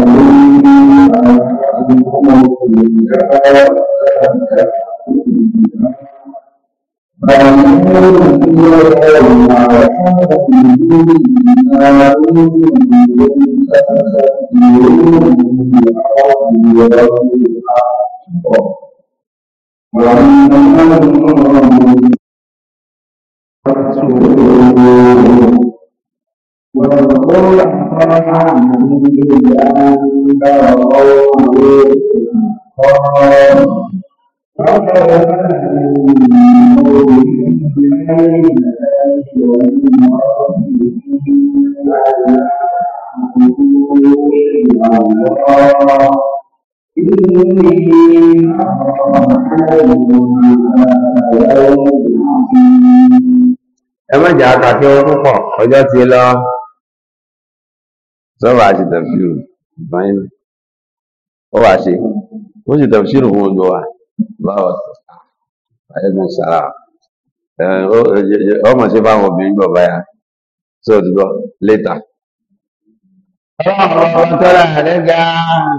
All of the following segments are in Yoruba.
Terima kasih telah menonton! والقرآن الذي أنزل قومه قال أفلا نؤمن بالله والمرأة إني أخاف عليهم عذاب عظيم ẹ má jà kàkí ohun púpọ̀ ọjọ́ ti lọ sọ́wọ́ àti tẹ̀fíìrù ìbáyé náà ó wàá ṣe ó sì tẹ̀fíìrù fún ojú wa báwọ̀ ayégun sàrà ọmọ sí fáwọn obìnrin gbọ̀ báyà sí òtítọ́ létà. ọlọ́run ọ̀rọ̀ tó rà rẹ̀ gan-an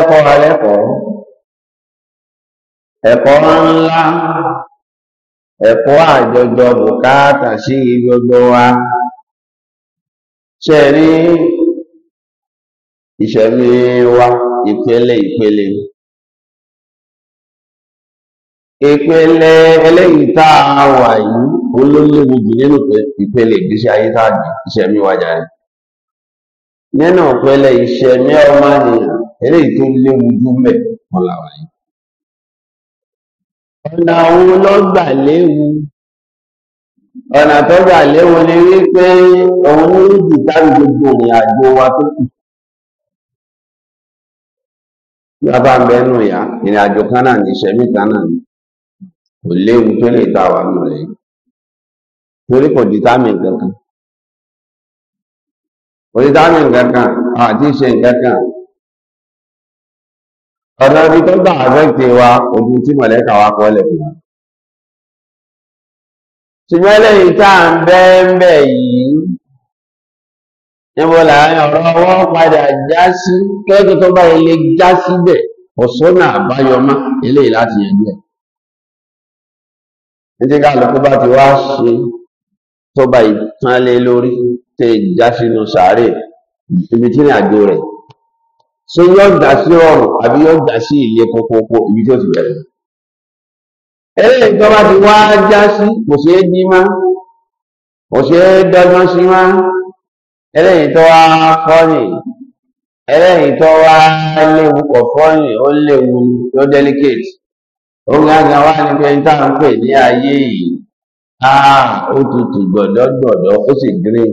ẹ̀kọ́ rà lẹ́kọ̀ọ́ ẹ̀kọ́ ńlá ẹ̀kọ́ àjọjọ bùkátà sí gbogbo wa. ṣe rí ìṣẹ̀mí wa ìpele ìpele ìpele eléyìí tá a wà yìí olólùwò jù nínú ìpele ìgbésí ayé tá a jù ìṣẹ̀mí wa nínú ìpele ìṣẹ̀mí eléyìí tó léwu jù ọ̀nà na gbà léwu ni wípé òun ní ìdí tábí gbogbo ìrìn àjò wa tó kù bàbá ń bẹnu ìyá ìrìn àjò kan náà ní O kan náà ní kò léwu tó lè ta wà nù lẹ́yìn torí kò dìtámì kankan kò dìtámì kankan àti ìṣe ọ̀nà wa ògùn tí mọ̀lẹ́kà wa kọ́ ṣùgbọ́n lẹ́yìn tá à ń bẹ́ ń bẹ̀ yìí níbo làárín ọ̀rọ̀ ọwọ́ padà já sí kẹ́kẹ́ tó bá ilé já síbẹ̀ ọ̀sọ́nà àbáyọmá eléyìí láti yanjú ẹ̀ títí kálukú bá ti wá ṣe tó bá ìtàn lé lórí tẹ já sínú sàárè ibi tí ní àjò rẹ̀ ṣé yóò dá sí ọrùn àbí yóò dá sí ilé kókókó ibi tó ti bẹ̀rẹ̀ ẹ̀rẹ́ ìjọba ti wá já sí kò ṣe é dí má kò ṣe é dọ́gbọ́n sí má ẹlẹ́yìn tó wá fọ́nì ẹlẹ́yìn tó wá léwu kò fọ́nì ó léwu delicate ó wá ní pé ayé yìí á ó tutù ó sì green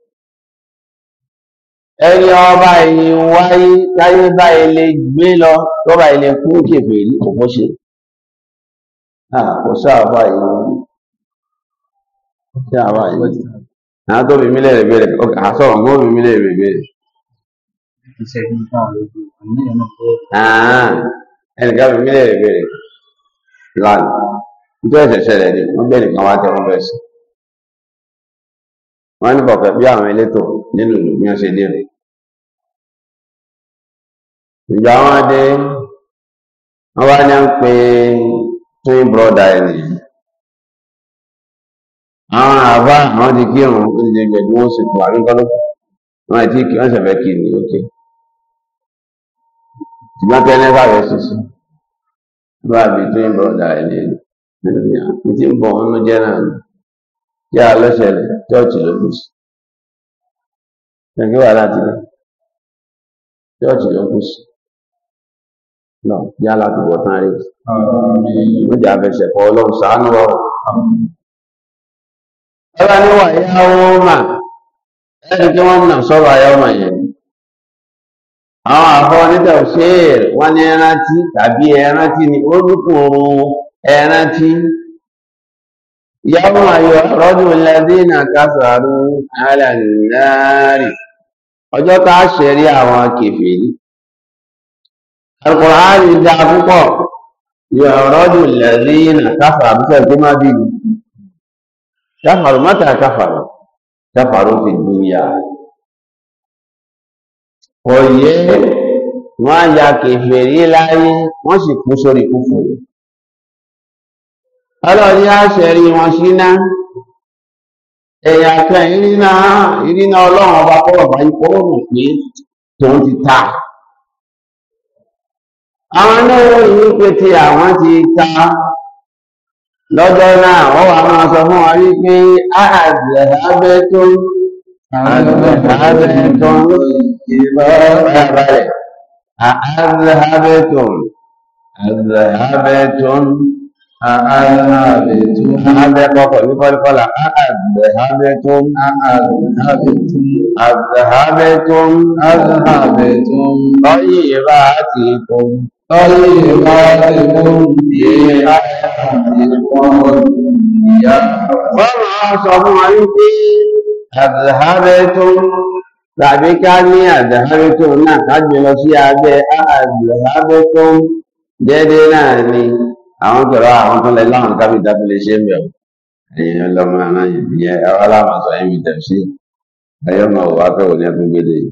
ẹni ọba ẹ̀yìn wáyé táyé bá ilé gbé lọ lọ́ba ilé kú kèfè ní òkú ṣe kò sáàbà ìwọ̀n sáàbà ìwọ̀n àwọn tó mímí lẹ́rẹ̀ bẹ̀rẹ̀ àsọ̀rọ̀ mọ́ mímí lẹ́rẹ̀ bẹ̀rẹ̀ ẹnìkan mímí lẹ́rẹ̀ bẹ̀rẹ̀ lánàá nítorí ẹ̀ṣẹ̀ṣẹ̀ rẹ̀ ni wọ́n gbé nìkan wá tẹ́ wọ́n bẹ̀ sí wọ́n ní bọ̀kẹ́ bí àwọn elétò nínú ìlú ni wọ́n ṣe dé rẹ̀ ìjà wọn dé wọ́n wá ní ń pe twin brother ẹni yìí àwọn àbá àwọn ti kírun ó ti jẹ gbẹ̀dú wọn sì fún àríkọ́lọ́pọ̀ wọn ti kí wọn ṣẹ̀fẹ̀ kí ni ókè ṣùgbọ́n tẹ́lẹ̀ báyọ̀ ṣiṣẹ́ bá bí twin brother ẹni yìí ti ń bọ̀ wọn ló náà ni kí a lọ́ṣẹ̀lẹ̀ chọ́ọ̀chì ló kù sí wà láti chọ́ọ̀chì ló kù sí. náà yá látùbọ̀ tán rí ó jà fẹsẹ̀ kọ ọlọ́run ṣàánú wa o. ọlá ní wà yá ọmọ ẹni tí wọ́n nà sọ́rọ̀ ayé ọmọ yẹn àwọn àfọ níta òṣèèrè wọn ní ẹrántí tàbí ẹrántí ni ó dúkùn ẹrántí يوم يعرض الذين tá a ṣẹ̀rí àwọn kèfèrí Al-Qur'an dá púpọ̀ yọ̀rọ̀dù lẹ́rìnà káfàrà bí sẹ́yìn tó máa bí ní káfàrà mọ́ta káfàrà káfàrà fi dúnyà òye wọ́n ya kèfèrí láyé wọ́n sì kú sórí kúfù ọlọ́ọ̀ni àṣẹrí wọn síná ẹ̀yà kan ìrìnà ìrìnà ọlọ́run ọba kọ́ ọ̀bá yìí kọ́ ọ̀rùn pé tòun ti ta àwọn oníròyìn wípé tí àwọn ti ta lọ́jọ́ náà wọ́n wà máa sọ fún wọn wípé ààbẹ̀ abẹ́ tó ààbẹ̀ tó ìbọ̀rẹ̀ ààbẹ̀ tó ààbẹ̀ tó ààbẹ̀ kọkọ̀ ní kọ́líkọ́lá ààbẹ̀ tó ààbẹ̀ tó ààbẹ̀ tó ọyìn ìbá àti ìkọ̀ọ̀. طيبات بها فالعاصم عندي أذهبتم tàbí ká ní àdáhárétò náà kájú lọ sí abẹ́ àdáhárétò déédéé náà ni àwọn tọrọ àwọn tó lẹ láwọn kábí dábí lè ṣe ń bẹ̀rù èèyàn lọ́mọ aráyìn ìyẹn ọlọ́mọ sọ ẹ̀mí tẹ̀sí ayọ́mọ òwá fẹ́ wọlé ẹ̀kúngbélé yìí.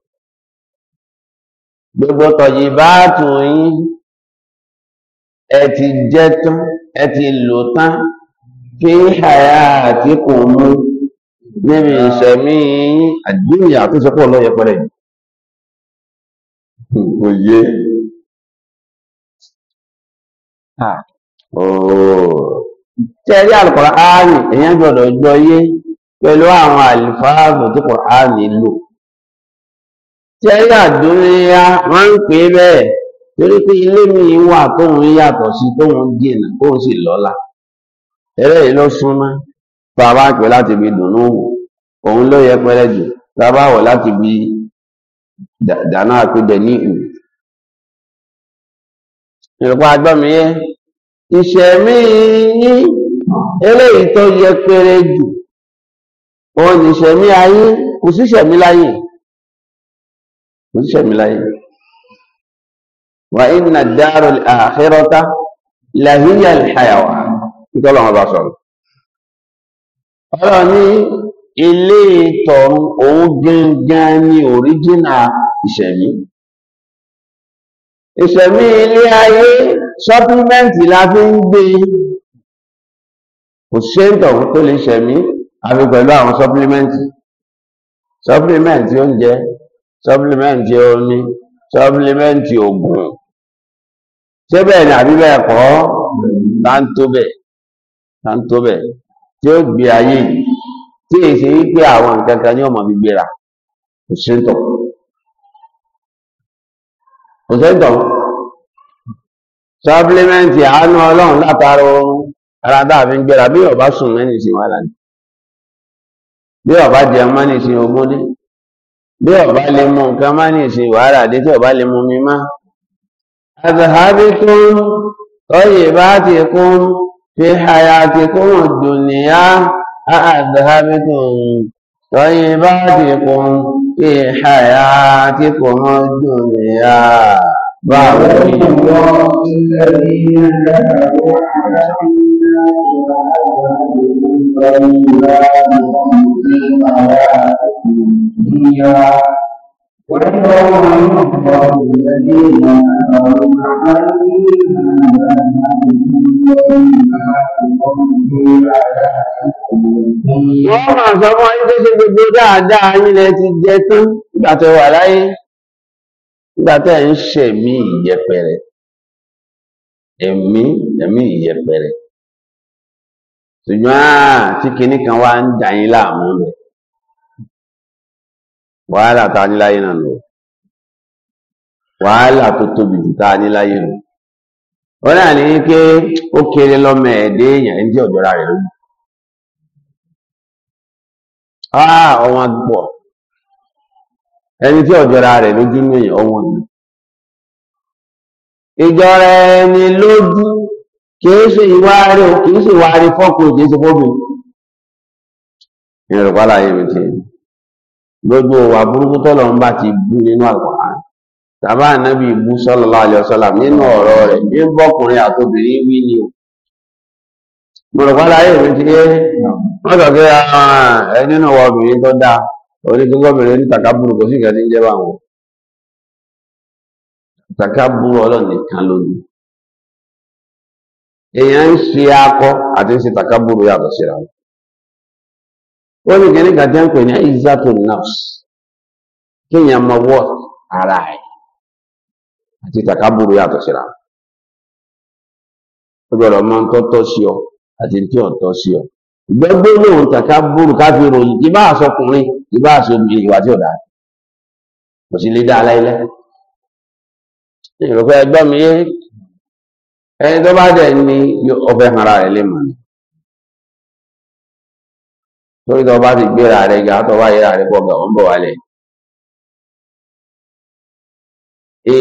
gbogbo tọ̀yì bá tù yín ẹ ti jẹ́ tán ẹ ti lò tán kí àyà àti kò mú níbi ìṣẹ̀mí àdúnyà tó sọpọ̀ lọ́yẹ pẹ̀lẹ̀ òye tẹ́rí àlùkọ̀rọ̀ áàrùn èyàn gbọ́dọ̀ gbọ́yé pẹ̀lú àwọn àlìfáàbù tí kò áàrùn lò tẹ́rà dúnríyá wọ́n ń pè bẹ́ẹ̀ torí pé ilé mi wà tóun yàtọ̀ sí tóun jìnà tóun sì lọ́lá ẹ̀rẹ́ yìí ló súnmọ́ tá a bá pè láti ibi dùnú wò òun ló yẹ pẹ́rẹ́ jù tá a bá wọ̀ láti ibi dáná àpéjẹ ní ìlú. ìrùpá agbọ́mi yẹ ìṣẹ̀mí yín eléyìí tó yẹ pẹ́rẹ́ jù òun ìṣẹ̀mí ayé kò sí ìṣẹ̀mí láyé kò sí sẹ̀mí láyé wa inna darul akhirata lahiya alhayawa kíkọ́ lọ́wọ́ bá sọ̀rọ̀ ọ̀rọ̀ ní ilé ìtọ̀run òun gangan ni òríjìnà ìṣẹ̀mí ìṣẹ̀mí ilé ayé sọ́pímẹ́ǹtì la fi ń gbé kò ṣe ń tọ̀hún tó lè ṣẹ̀mí àfi pẹ̀lú àwọn sọ́pímẹ́ǹtì sọ́pímẹ́ǹtì oúnjẹ sọ́pìlìmẹ́ǹtì omi sọ́pìlìmẹ́ǹtì ògùn ṣé bẹ́ẹ̀ ni àbí bẹ́ẹ̀ kọ́ bá ń tó bẹ̀ bá ń tó bẹ̀ tí ó gbé ayé tí èyí ṣe wípé àwọn nǹkan kan ní ọmọ mi gbéra kò ṣe ń tọ̀ kò ṣe ń tọ̀ sọ́pìlìmẹ́ǹtì àánú ọlọ́run látara oorun ara dáàbí ń gbéra bí ọba sùn mẹ́ni ìsìn wà lánàá bí ọba jẹun mẹ́ni ìsìn ogún dé bí ọba lè mú nǹkan má ní ìsìn wàhálà àdé tí ọba lè mú mi má. azàhábí tó ń tọ́yè bá ti kún fi hàyà ti kún dùnìyà azàhábí tó ń bá ti kún fi hàyà ti kún dùnìyà. báwo ni wọ́n ń lè طيباتكم فيما رأتكم فيها ويوم يحضر الذين كفروا عليها Wọ́n máa sọ fún ayé tó ṣe gbogbo dáadáa nílẹ̀ ti jẹ tán nígbà tẹ́ wà láyé, nígbà tẹ́ ń ṣẹ̀mí ìyẹpẹrẹ, ẹ̀mí ẹ̀mí ìyẹpẹrẹ. ṣùgbọ́n tí kinní kan wá ń dà láàmú rẹ̀ wàhálà tá a ní láyé náà lọ wàhálà tó tóbi jù tá a ní láyé rẹ̀ náà ní pé ó kéré lọ́mọ ẹ̀dẹ́ èèyàn ẹni tí ọ̀jọ́ra lójú ọwọ́n pọ̀ ẹni tí rẹ̀ lójú kìí ṣe ìwà rẹ̀ o kìí ṣe ìwà rẹ̀ fọ́kù ṣe ti gbogbo wà burúkú tọ́lọ̀ ń bá ti bú nínú Al-Qur'an tàbá ànábì bú sallallahu alaihi wasallam nínú ọ̀rọ̀ rẹ̀ ní bọ́kùnrin wí ni o ti wọ́n sọ pé ah, ẹ nínú obìnrin tó orí gbogbo ní kò sí ń èèyàn ń ṣe akọ àti ń ṣe takaburu ya síra ó ní kíní kan ń pè ní izzatu nafs kéèyàn mọ wọ ara ẹ àti takaburu yàtọ̀ síra ó gbọ́dọ̀ mọ ń sí ọ àti tí ò ń sí ọ gbẹgbẹ takaburu káfí ròyìn ìwà tí ò kò sí lè dá ẹni tó bá dẹ̀ ní ọbẹ̀ hànra rẹ̀ lè mọ̀ ní torí tó bá ti gbéra rẹ̀ ga tó bá yẹra rẹ̀ bọ̀gà ó ń bọ̀ wálẹ̀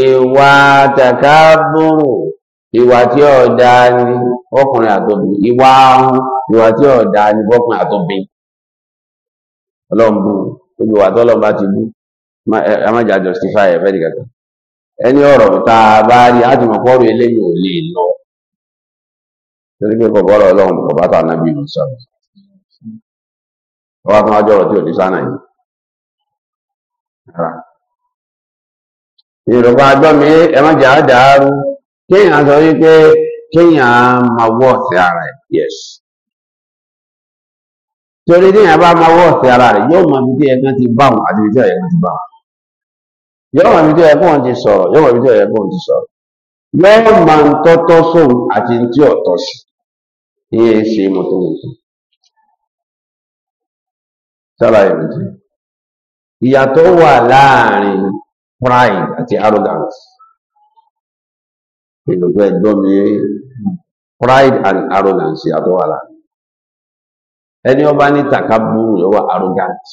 ìwà tàkàbùrù ìwà tí ó dáa ní ọkùnrin àtòbí ìwà ahun ìwà tí ó dáa ní ọkùnrin ti bú ẹ má jà justify fẹ́ dìgbà ẹni ọ̀rọ̀ tá a bá rí á ti ò lè lọ torí pé kò bọ́rọ̀ ọlọ́run bá nábì tí ò ní sánà yìí yorùbá gbọ́ mi ẹ má jẹ́ àdàárú kéèyàn sọ wípé kéèyàn máa wọ́ ọ̀sẹ̀ ara ẹ̀ torí bá ara rẹ̀ yóò ti bá wọn àti yọ́wọ́ àbí tó yẹ kóun ti sọ̀rọ̀ yọ́wọ́ àbí tó yẹ kóun ti sọ̀rọ̀ yọ́wọ́ máa ń tọ́tọ́ sóun àti tí ọ̀tọ̀ sí iye ṣe mọ̀tòmọ̀tò sára ìrètí ìyàtọ̀ wà láàrin pride àti arrogance ìlúgbẹ́ ẹ̀gbọ́n mi pride and arrogance ìyàtọ̀ wà láàrin ẹni ọba ní takaburu yọ́wọ́ arrogance.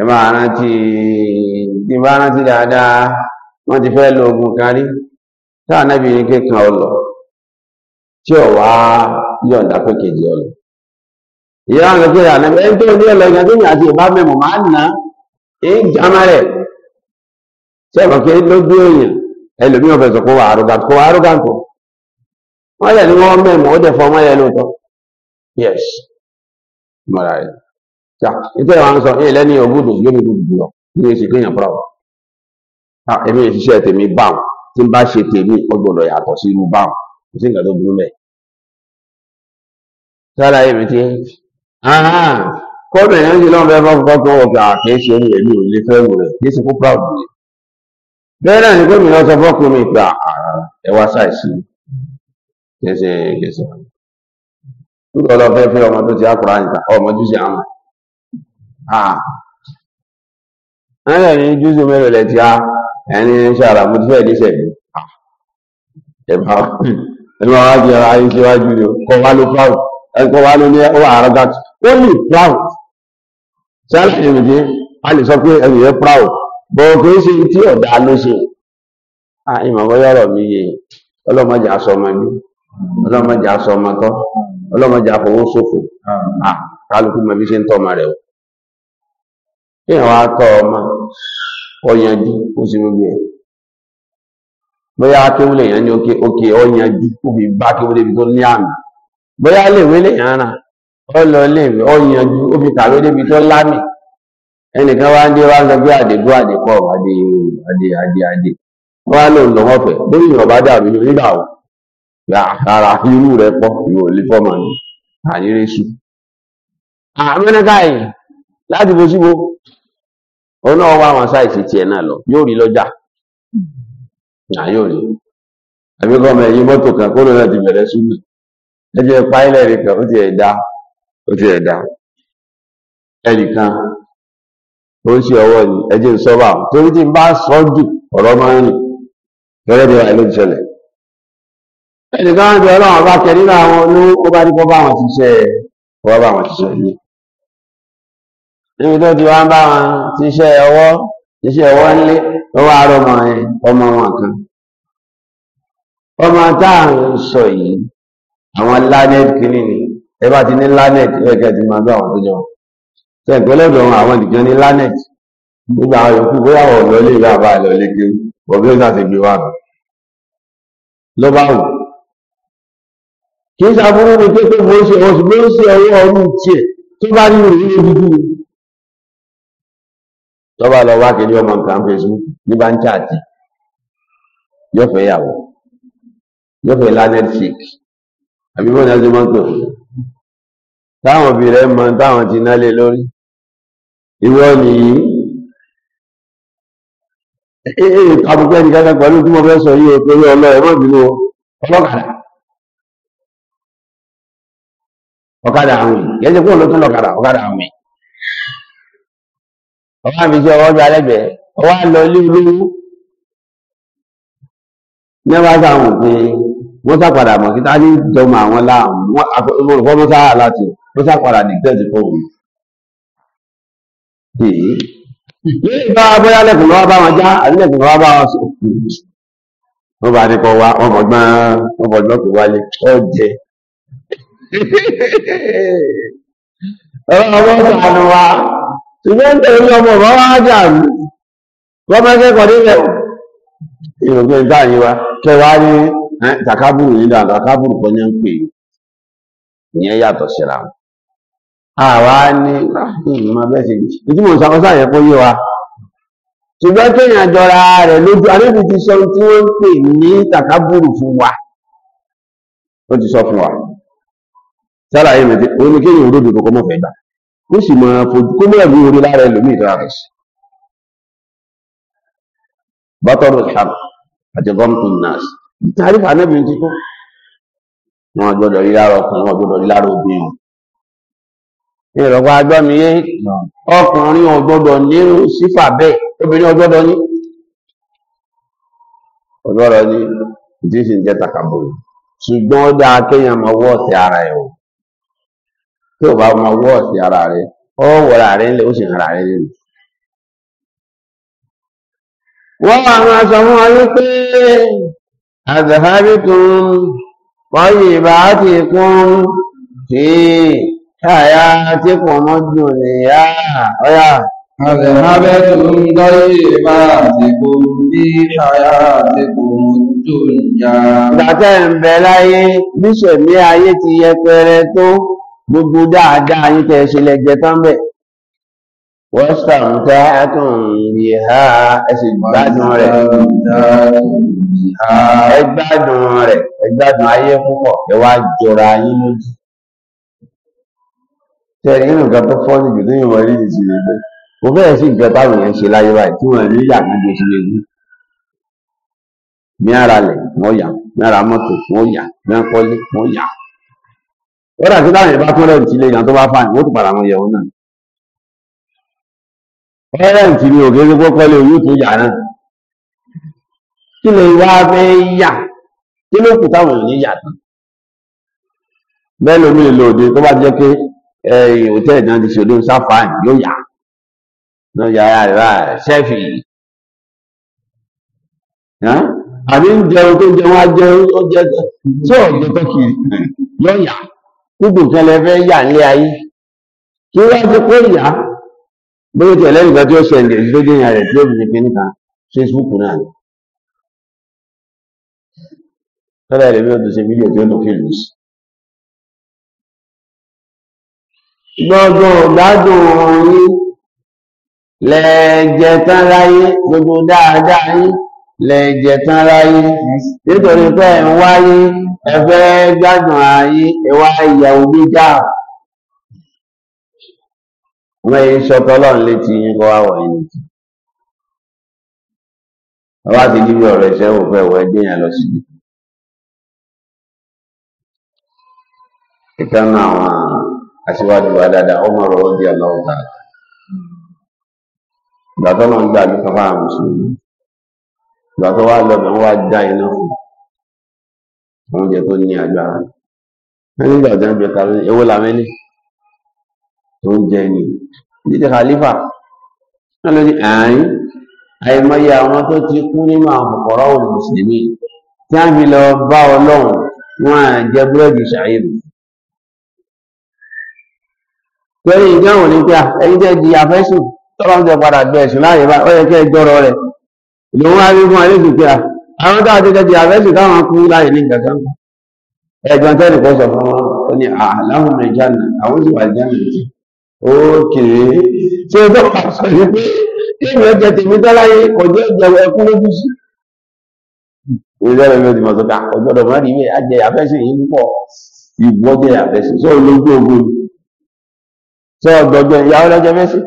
ẹ máa rántí tí bá rántí dáadáa wọ́n ti fẹ́ lo ogun kan rí táà nábì ní kékan ọlọ tí ò wá yọ̀ǹda pé kejì ọlọ ìyá àwọn ọ̀gbìn àná ẹni tó ní ọlọ ìgbàgbé ní àti ìbá mẹ́mọ̀ máa ń ná èyí jámá rẹ̀ tí ẹ̀mọ̀ pé lójú èèyàn ẹlòmí ọ̀fẹ́ sọ kó wà arrogant kó wà arrogant wọ́n yẹ̀ wọ́n mẹ́mọ̀ ó dẹ̀ fọmọ́ yẹ lóòótọ́ yes mọ̀ra ta nítorí àwọn sọ ní ẹlẹ́ni ògbódò yóò ní gbogbo lọ ní èsì kéèyàn fúra wọn ta èmi èsì iṣẹ́ tèmi bá wọn tí n bá ṣe tèmi ó gbọ́dọ̀ yàtọ̀ sí irú bá wọn kò sí nǹkan tó burú mẹ́. sára èmi ti kọ́dọ̀ èèyàn sì lọ́n fẹ́ fọ́ fọ́ tó o kà kì í ṣe èmi ò lè fẹ́ wù rẹ̀ kì í ṣe kó proud mi. bẹ́ẹ̀ náà ni gómìnà sọ fọ́kùnrin mi pé ah, ah, ah, ẹ wá ṣàìsí kì í ṣe kì í ṣe. nítorí ọlọ́fẹ́ fẹ́ ọmọ tó ti á kúrò àyíká ọmọ tó ti á wọ́n lè ní júùsù mélòó lẹ ti á ẹni ṣàrà mo ti fẹ́ díṣẹ̀ mi ẹ̀bá ẹ̀bá wá di ara ayé síwájú ni kọ́ wá ló proud ẹ̀kọ́ wá ló ní ó wà àrọ́gà ó lè proud sẹ́ẹ̀lì ìmìtì a lè sọ pé ẹni yẹn proud bọ̀ kò ń ṣe tí ọ̀dà ló ṣe à ìmọ̀ bọ́yá ọ̀rọ̀ mi yé ọlọ́mọdé aṣọ ọmọ mi ọlọ́mọdé aṣọ ọmọ tọ́ ọlọ́mọdé afọwọ́sọ̀fọ̀ à kálukú mọ̀ ìhàn akọ ọmọ ọyànjú oṣù gbogbo ẹ̀ bóyá akéwúlé èèyàn ní òkè oke ọyànjú òbí bá akéwúlé ibi tó ní ọ lọ léèwé ọyànjú òbí kàwé débi tó lámì ẹnìkan wá ń dé wá lórí dàbí ní onígbà wò irú pọ̀ òun náà wá àwọn sáìsì tiẹ̀ náà lọ yóò rí lọ́jà náà yóò rí àbí kọ́ ọmọ ẹ̀yìn mọ́tò kan kó lóun náà ti bẹ̀rẹ̀ súnmọ́ ẹ jẹ́ páílẹ̀ rí kan ó ti ẹ̀ dá ó ti ẹ̀ dá ẹnì kan ó ń ṣe ọwọ́ ni ẹ jẹ́ ń torí tí n bá sọ jù ọ̀rọ̀ máa ń rìn gẹ́gẹ́ bí ẹ̀ ló ti ṣẹlẹ̀ ẹnì ń bẹ ọlọ́run bá kẹ nínú àwọn olówó ó bá ní kó bá àwọn ti ṣe ẹ̀ kó bá àwọn ti ṣe ẹ̀ yìí níbi tó ti wá ń bá wọn ti iṣẹ́ ọwọ́ iṣẹ́ ọwọ́ ńlé ló wá rọmọ ẹ ọmọ wọn kan ọmọ tá à ń sọ yìí àwọn lanet kìíní ni ẹ bá ti ní lanet ẹ̀kẹ́ ti máa gbé àwọn tó jọ tẹ̀gbẹ́lẹ́dọ̀ àwọn ìdìkan ní lanet nígbà àwọn yòókù bóyá àwọn ọ̀dọ́ lè rí àbá ìlọ kí wọ́n bí ó sàti gbé wà nù ló bá wù kì í ṣàbúrú ni pé pé mo ń ṣe ọwọ́ ọdún tiẹ̀ tó bá ní ìrírí ojú tọ́ba lọ wá kiri ọmọ nǹkan facebook ní bá ń chaàtì yóò fẹ́ yàwó yóò fẹ́ lanet sick àbí bọ́ọ̀ náà ṣe máa ń pè wọ́n táwọn òbí rẹ̀ mọ táwọn ti nálé lórí ìwọ nìyí àbùkù ẹnì kankan pẹ̀lú tí mo fẹ́ sọ yìí pé ní ọlọ́ ẹ̀rọ ìbínú ọlọ́kadà ọ̀kadà àwìn yẹn ti kúrò lọ́tún lọ́kadà ọ̀kadà àwìn ọwọ́ àmì jẹ́ ọwọ́ gba lẹ́gbẹ̀ẹ́ ọwọ́ àlọ́ ilé olówó ní wá sáwọn òfin wọ́n sàpadà mọ̀ kíta ní ìjọmọ̀ àwọn láàmú olùkọ́ mọ́ sáà láti wọ́n sàpadà dìgbẹ́sì fún òun. lórí ìbá bóyá lẹ́kùn lọ́wọ́ bá wọn já àbí lẹ́kùn lọ́wọ́ bá wọn sùn. wọ́n bá ní kọ́ wa ọmọ gbọ́n ọmọ gbọ́n kò wálé ọ̀jẹ̀. ọlọ́run ọmọ sànù wa ṣùgbọ́n nítorí ọmọ ọ̀bá wá jà mí gọ́mẹ́kẹ́kọ̀ọ́ nílẹ̀ ìrògbé ìta yìí wa kẹwàá ní takaburu yìí dáa takaburu kọ́ yẹn ń pè ìyẹn yàtọ̀ síra wọn. àwa ní ìmọ̀ ah, bẹ́ẹ̀ ṣe ìtumọ̀ ìṣàkóso yẹn kó yé wa ṣùgbọ́n kéèyàn jọra rẹ̀ lójú àlébi ti sọ tí wọ́n ń pè ní takaburu fún wa ó ti sọ fún wa sálàyé mi ti oníkéyìn òdodo kọ́kọ́ mọ̀ fẹ́ gbà kó sì máa fojú kó máa rí orí lára ẹlòmíì lára rẹ̀ sí. bátọ́rù ìhàmù àti gọ́mtù nọ́ọ̀sì ìtàrífà anábì ti tó wọn gbọ́dọ̀ rí lára ọkùnrin wọn gbọ́dọ̀ rí lára obìnrin ìrọ̀pá agbọ́miyé ọkùnrin ò gbọ́dọ̀ ní sífà bẹ́ẹ̀ obìnrin ò gbọ́dọ̀ ní ò ní ìdí jẹ́ tàkàbọ̀rọ̀ ṣùgbọ́n ó dáa kéèyàn mọ ọwọ́ ara ẹ̀ o tí ò bá mọ ara rẹ ọ wọra rẹ ńlẹ ó sì hàn ara rẹ lẹ́nu. wọ́n máa máa sọ fún wa wípé àzàhábìkún wọ́n yìí bá ti kún sí tí kò mọ́ jù nìyá ọ̀yà. àzàhábìkún tó bá ti jù nìyá. ìgbà gbogbo dáadáa yín tẹ́ ṣe lẹ́jẹ́ tán bẹ̀. wọ́n ṣàǹtà àtún ìhà ẹ̀sìn gbádùn rẹ̀ ẹgbádùn rẹ̀ ẹgbádùn ayé púpọ̀ ẹ wá jọra yín lójú. tẹ́lẹ̀ nínú nǹkan tó fọ́ níbi tó yìnbọn rí ní ìsinmi mo bẹ́ẹ̀ sí nǹkan táwọn èèyàn ṣe láyé báyìí tí wọ́n rí yà mi ara lẹ̀ wọ́n yà mi ara mọ́tò wọ́n yà mi ara wọ́n yà. ó dà sí táwọn yẹn bá tún rẹǹtì ilé ìyàn tó bá fáìn wọ́n tún padà wọn yẹ̀wò náà rẹǹtì ni òkè tó kọ́lé oyún tó yà náà kí lè wá fẹ́ yà kí ló kù táwọn èèyàn yà tán bẹ́ẹ̀ lómi lè lo òde tó bá jẹ́ pé hòtẹ́ẹ̀lì náà ti ṣe òde yóò yà náà yà á rà ṣẹ́fì àbí ń jẹun tó jẹun á jẹun ó jẹ tó ọ̀jọ̀ tó kiri yóò yà gbogbo nǹkan lẹ fẹ́ yà ní ayé kí wọ́n ti pé ìyá bóyá tí ẹlẹ́rìí kan tí ó ṣẹlẹ̀ lójú ìyá rẹ̀ tí ó fi ṣe níta Facebook náà ni. tọ́lá ẹ̀rẹ́ bí ó ṣe fídíò tí ó tó fi lù sí. gbọ́dọ̀ gbádùn yín lẹ́ẹ̀jẹ̀ tán láyé gbogbo dáadáa yín. lẹ́jẹ̀ tán láyé nítorí pé ń wáyé ẹfẹ́ gbádùn ayé ẹwà ìyàwó gbígbà wọ́n yìí sọ́tọ́lọ́ létí yín yìí létí ọwọ́ àti jíbi ọ̀rọ̀ ìṣẹ́ wò wọ ẹgbẹ́ yẹn lọ sí àwọn aṣíwájú wa dáadáa ọmọ ìgbà ń gbà ìgbà tó wá lọ bẹ̀rẹ̀ wá dá iná fún oúnjẹ tó ní agbára wọn nígbà tó ń bẹ kàlọ́ ewé lamẹ́lẹ́ tó ń jẹ ni jíjẹ khalifa wọn ló ní àárín àìmọye àwọn tó ti kú nínú àwọn kòkòrò òun mùsùlùmí tí wọn fi lọ bá ọlọ́run wọn à jẹ búrẹ́dì ṣàyẹ̀wò torí ìjọ òní pé ah, ẹni tẹ́ di àfẹ́sùn tọ́lọ́mùtẹ́ padà gbẹ̀sùn láàyè bá ó yẹ kẹ́ ẹ gbọ́rọ̀ rẹ̀ ló wá rí fún ayé ìpè à àwọn tó àti jẹjẹ àfẹ́sì táwọn kú láyé ní gàgán ẹ̀gbọ́n tẹ́lẹ̀ kọ́ sọ fún wọn ó ní àláwọn ọmọ ìjà nà àwọn sì wà ìjà nà sí ó kéré tí ó dọ́kà sọ ní pé kéèyàn jẹ tèmi dáláyé kọjá ìjà ẹkún lójú sí. ìjọba mi ò ti mọ̀ sọ́kà ọ̀gbọ́dọ̀ má rí ilé ajẹ àfẹ́sì yìí púpọ̀ ìwọ́jẹ àfẹ́sì sọ lójú ogun sọ ọ̀dọ́jọ ìyàwó lọ́jọ́ mẹ́sì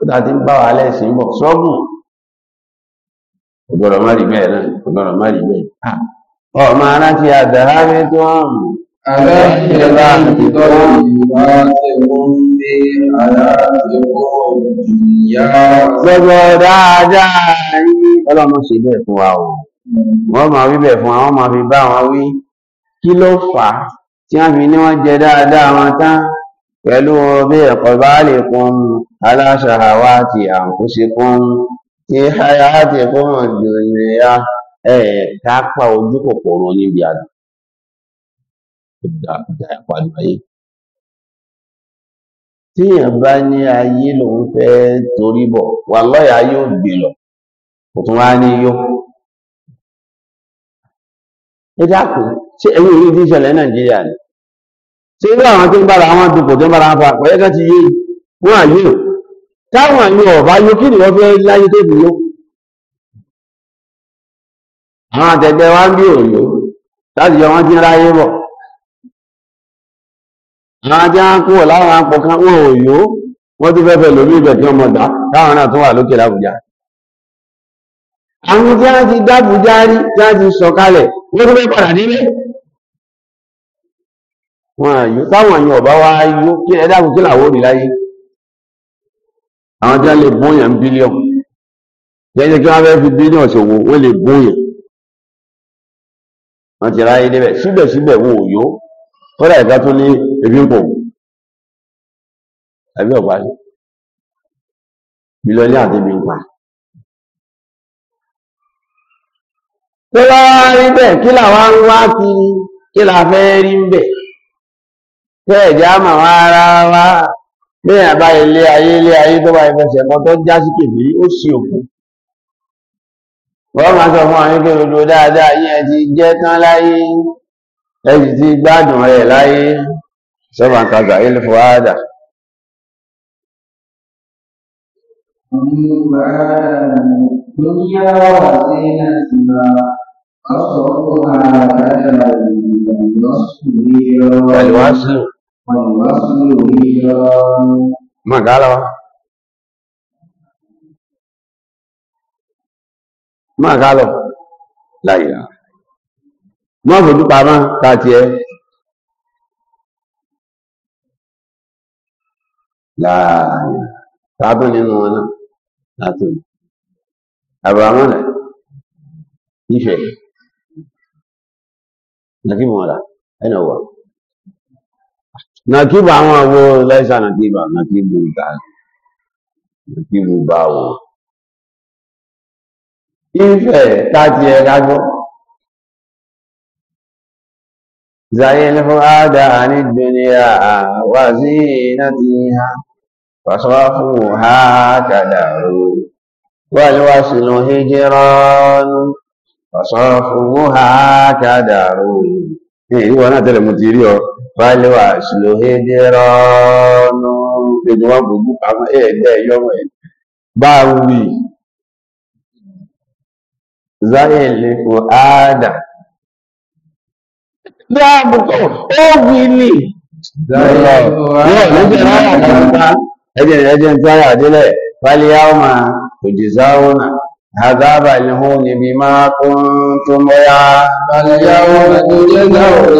ó dàtí ń bá wàhálà ẹ̀sìn bọ̀ sọ́gùn kò gbọ́dọ̀ má rí bẹ́ẹ̀ náà kò gbọ́dọ̀ má rí bẹ́ẹ̀. Ah. ọmọ aláti àdáhámi tó ń. aláṣẹ láti tọ́jú ìwà ṣẹ̀wọ̀n ní aláṣẹ ìyá. gbogbo dáadáa yìí ọlọ́mọ ṣe bẹ́ẹ̀ fún wa o wọ́n máa wí bẹ́ẹ̀ fún wa wọ́n máa fi bá wọn wí kí ló fà á tí wọ́n fi ní wọ́n jẹ dáadáa wọn tán pẹ̀lú bí ẹ̀kọ́ bá lè kún aláṣà àwa àti àǹkóṣe kún. ìhà láti fọ́mọ̀ jòyè ya ah, ẹ̀ kápá ojú kòkòrò yín bí ìdá ìdá ìpàdé ayé tíyàn bá ní ayé lòun fẹ́ torí bọ̀ wà lọ́yà yóò gbé lọ kò tún wá ní yó ẹ dákun ṣé ni ṣé àwọn tó ń bára wọn tó ń bára wọn fa táwọn àmì ọ̀bá yóò kí ni wọ́n fẹ́ láyé tèmi yó àwọn àtẹ̀gbẹ́ wa ń bí òyò láti yọ wọ́n ti ráyé bọ̀ àwọn ajá ń kúrò láwọn apò kan wọn òyò wọ́n tún fẹ́fẹ́ lómi ibẹ̀ kí ọmọ dá táwọn náà tún wà lókè lábùjá àwọn tí wọ́n ti dábùjá rí tí wọ́n ti sọ kalẹ̀ wọ́n tún fẹ́ padà nílé wọn àyò táwọn àyò ọ̀bá wa yó kí ẹ dábùjá làwọn ò láyé àwọn tí wọ́n lè bún yàn bílíọ̀n jẹ́jẹ́ kí wọ́n fẹ́ fi bílíọ̀n ṣòwò wọ́n lè bún yàn wọ́n ti ráyé débẹ̀ síbẹ̀síbẹ̀ wọn ò yó kọ́dà ìgbà tó ní ebi ń pọ̀ àbí ọ̀pá sí bílíọ̀n ní àti ebi ń pa. tó bá rí bẹ́ẹ̀ kí làwa ń wá kiri kí làá fẹ́ rí ń bẹ̀ tẹ́ẹ̀jà mà wá ara wa bẹ́ẹ̀ àbá ilé ayé ilé ayé tó bá ìfẹsẹ̀ kan tó já sí kèbí ó sì òkú wọ́n máa sọ fún àwọn kéwòn tó dáadáa yín ẹ ti jẹ́ tán láyé ẹ sì ti gbádùn rẹ̀ láyé sọ́mà kàgbà ilé fòwádà. Pẹ̀lú wá sí. Magalawa. Magalo. Láyìí. Má fojú pamọ́ tàti ẹ. Láàárín. Tàbí nínú wọn náà. Tàbí. Àbúrámọ́ rẹ̀. Ìfẹ́. Nàkí mọ́ra. Ẹnà wà. nàkíbù àwọn àwọ lẹ́ṣà nàkíbà nàkíbù ìgbà nàkíbù bá wò ìfẹ́ láti ẹ̀ka gbọ́ زين فؤاد عن الدنيا وزينتها فاصرفوها كدعوا والوصل هجران فاصرفوها كدعوا إيه وانا ترى balùwà ṣùlòhé dẹ́rọ́nù gbogbo wọn gbogbo àwọn ẹ̀ẹ́dẹ́ yọmọ ẹ̀ bá wì záyẹ̀lẹ̀ kò áádà dáàbò kọ́ ń tọ́ra àdílẹ̀ pálíyàwó máa kò jì záwọ́nà عذاب الهون بما كنتم يا فاليوم تجزون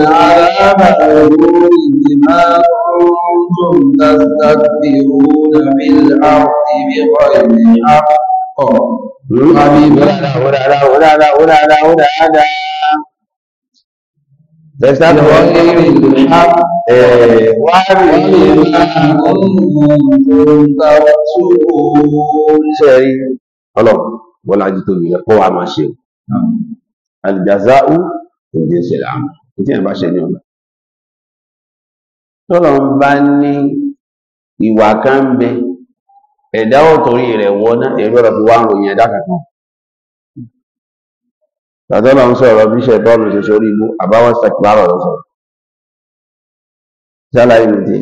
عذاب الهون بما كنتم تستكبرون في الأرض بغير حق بغير الحق وبما كنتم تبصرون bọ́lá ju tóbi yẹn kọ́ wa máa ṣe o àlìjàzáù ìdí ìṣẹ̀lẹ̀ àmọ́ ìdí ẹ̀ bá ṣe ní ọ̀la. tọ́lọ̀ ń bá ní ìwà kan ń bẹ ẹ̀dá ọ̀tọ̀rí rẹ̀ wọ́n náà ẹ̀rọ ọ̀rọ̀ fi wá ń ròyìn ẹ̀dá kankan. tàtọ́lọ̀ ń sọ̀rọ̀ bí iṣẹ́ tọ́lù ṣe sórí ibú àbáwọ̀ sàkìlárọ̀ lọ sọ̀rọ̀. sálàyé mi ti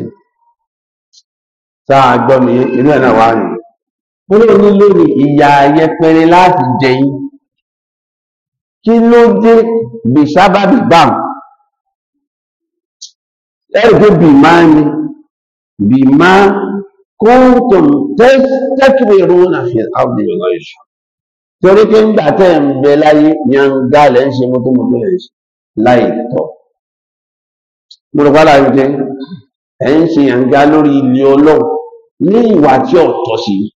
sáà gbọ́ mi inú ẹ̀ náà wá rìn bóyá onílé ni ìyà ayẹpẹrẹ láti jẹyìn kí ló dé bìsábàbí bàm ẹgbẹ́ bìmá ni bìmá kóńtùm tẹ́kìrìrúnà fi àbí ọlọ́ìṣọ́ torí pé ń gbàtẹ́ ń bẹ láyé yanga lẹ́ ń ṣe mọ́tòmọ́tò lẹ́ ń ṣe láìtọ́ mo rò pàdà ń jẹ ẹ̀ ń ṣe yanga lórí ilé ọlọ́run ní ìwà tí ọ̀tọ̀ sí i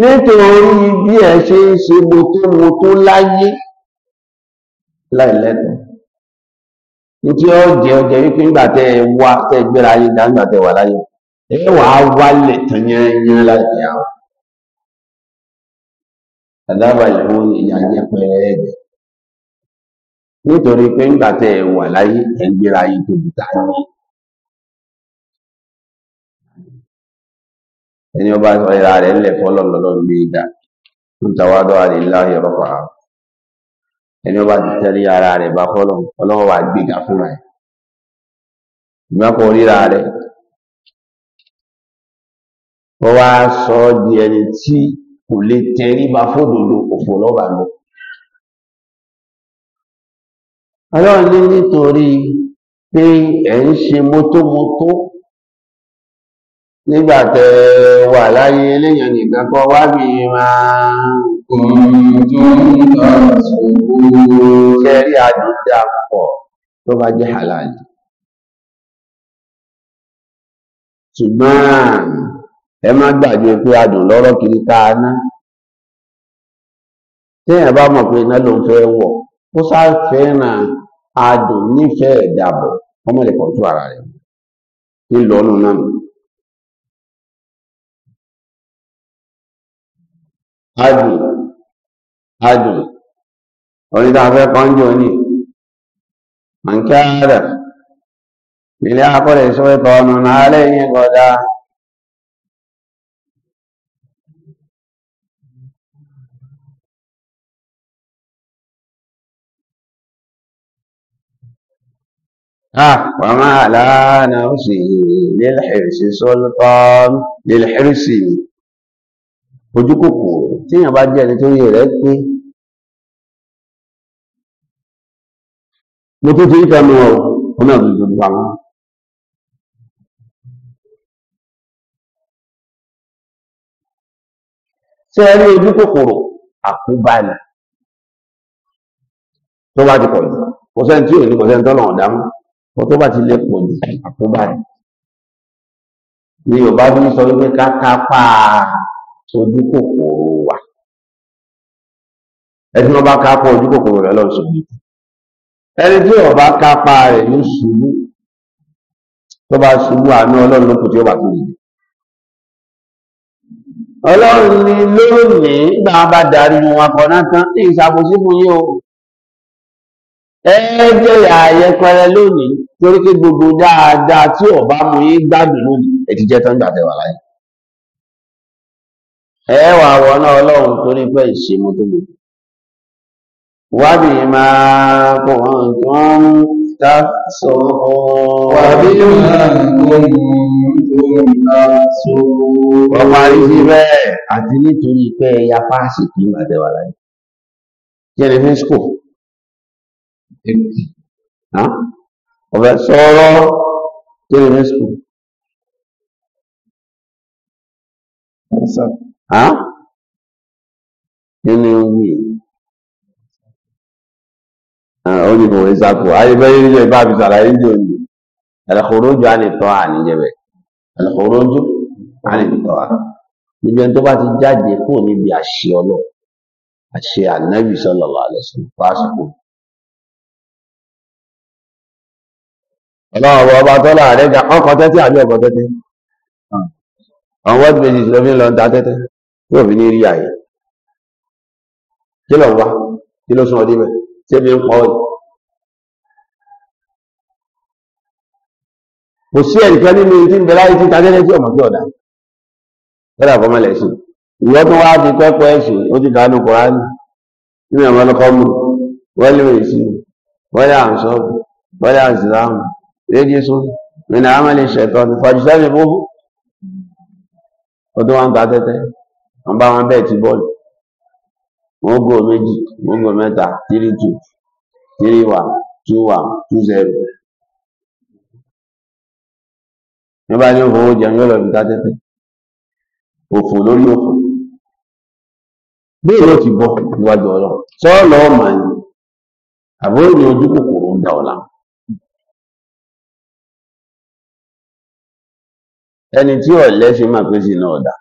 nítorí bí ẹ ṣe ń ṣe mo tó mo tó láyé láìlẹ́nu tí ó jẹ ọjẹ wípé nígbà tẹ ẹ wá tẹ gbéra ayé dáńgbà tẹ wà láyé ẹ wà á wálẹ̀ tán yányán láti àwọn àdábà ìlú ìyá yẹn pẹrẹ ẹgbẹ nítorí pé nígbà tẹ ẹ wà láyé ẹ gbéra ayé tóbi tá a ẹni ọba sọ ìra rẹ̀ ńlẹ̀ fọlọ́lọ́lọ́ gbé ga tó tàwádọ́ àlè láàyè rọ́pà ẹni ọba ti tẹ́lé ara rẹ̀ bá fọlọ́ ọlọ́wọ́ wa gbé ga fúnra ẹ̀ ìmọ̀kọ ríra rẹ̀ wọ́n wá sọ ọ́ di ẹni tí kò lè tẹríba fódodo òfò lọ́ba lọ. ọlọ́run ní nítorí pé ẹ̀ ń ṣe mọ́tómọ́tó. nígbà tẹ wà láyé eléyàn nìkan kọ wá bí máa ṣẹ́rí àdúgbà pọ̀ tó bá jẹ́ halal ṣùgbọ́n ẹ má gbàgbé pé adùn lọ́rọ̀ kiri káaná téèyàn bá mọ̀ pé iná ló ń fẹ́ wọ̀ ó sáfẹ́ràn adùn nífẹ̀ẹ́ ìdàbọ̀ ọmọ ìlẹ̀kọ̀ọ́ tó ara rẹ̀ ńlọ́nù náà adùn adùn orí tá a fẹ́ kọ́njọ ní mọ̀nkíára ilé akọ́lẹ̀ ìṣòwòtò ọ̀nà náà lẹ́yìn gọ̀dá وما لا نفسه للحرص سلطان للحرص ojú kòkòrò téèyàn bá jẹ́ ẹni tó yẹ rẹ̀ pé mo tó ti ríkà mọ́ ọ náà ló dùn pa wọn. ṣé ẹ ní ojú kòkòrò àkóbálà tó bá ti pọ̀ jù kò sẹ́ni tí ò ní kò sẹ́ni tọ́lọ̀ ọ̀dá mọ́ tó bá ti lè pọ̀ jù àkóbálà ni Yorùbá fi sọ wípé ká kápá a sojú kòkòrò wà ẹni wọn bá kápá ojú kòkòrò rẹ lọ ṣubú ẹni tí wọn bá kápá rẹ ló ṣubú tó bá ṣubú àánú Ọlọ́run ló kù tí ó bá tó yìí Ọlọ́run ni lónìí gbà bá darí wọn kọ náà tán ní ìṣàkóso fún yín o ẹ jẹ́ ààyè pẹrẹ lónìí torí pé gbogbo dáadáa tí ọba mú yín gbádùn lónìí ẹ ti jẹ tán gbàtẹ wà láyé ẹ wà wọná ọlọ́run tó nípa ìṣèmọ tó gbò wábì máa kò hàn tó ń ta sọ ọ. wàbí máa kò hàn tó ń ta sọ ọ. ọmọ àrísí bẹ́ẹ̀ àti nítorí pé ẹ̀yà páàsì kì í máa dẹ́wà láyé. jẹ́rìí fi ń sùkò. ọ̀bẹ sọ̀rọ̀ jẹ́rìí fi ń sùkò kíni ń wí onímọ̀ ìsàkó ayébẹ́yé nílò ìbá fi sàlàyé ní òní ẹ̀lẹ́kọ̀ọ́rọ́jù ànìtọ́ àníjẹ̀bẹ̀ ẹ̀lẹ́kọ̀ọ́rọ́jù ànìtọ́ níbi ẹni tó bá ti jáde kúrò níbi àṣẹ ọlọ́ àṣẹ ànábì sallallahu alaihi wasallam fásitì ọlọ́run ọba tọ́lá rẹ̀ ga ọkọ̀ tẹ́tẹ́ àbí ọkọ̀ tẹ́tẹ́ àwọn wọ́ọ̀dù méjì ló fi ń lọ ń ta tẹ́tẹ́ ní òfin ní rí àyè kí lọ wá kí ló sún ọdí bẹ tí èmi ń pa ọ yìí kò sí ẹnìkan nínú tí ń bẹ láyé títa gẹ́gẹ́ tí ọmọ tí ọ̀dà lọ́dà fọmọ lẹ́sìn ìwọ tó wá ti kẹ́kọ̀ọ́ ẹ̀sìn ó ti dànù kọ́ránì nínú àwọn ọlọ́kọ́ mú wọ́n lè sí wọ́n yà ń sọ rédíò sún mi ní ìṣẹ̀tọ́ ní fàjùsẹ́mi fún ọdún wa ń ta tẹ́tẹ́ wọn bá wọn bẹ́ẹ̀ ti bọ́ọ̀lù wọn gò méjì wọn gò mẹ́ta tírí tù tírí wà tú wà tú zẹrù wọn bá ní owó jẹun yóò lọ fi tátẹ́tẹ́ òfò lórí òfò bẹ́ẹ̀ ló ti bọ́ níwájú ọlọ́run sọ́ọ̀lọ́ ọmọ yìí àbúrò ní ojú kòkòrò ń da ọ̀la. ẹni tí ọ̀lẹ́ fi máa pèsè náà dáa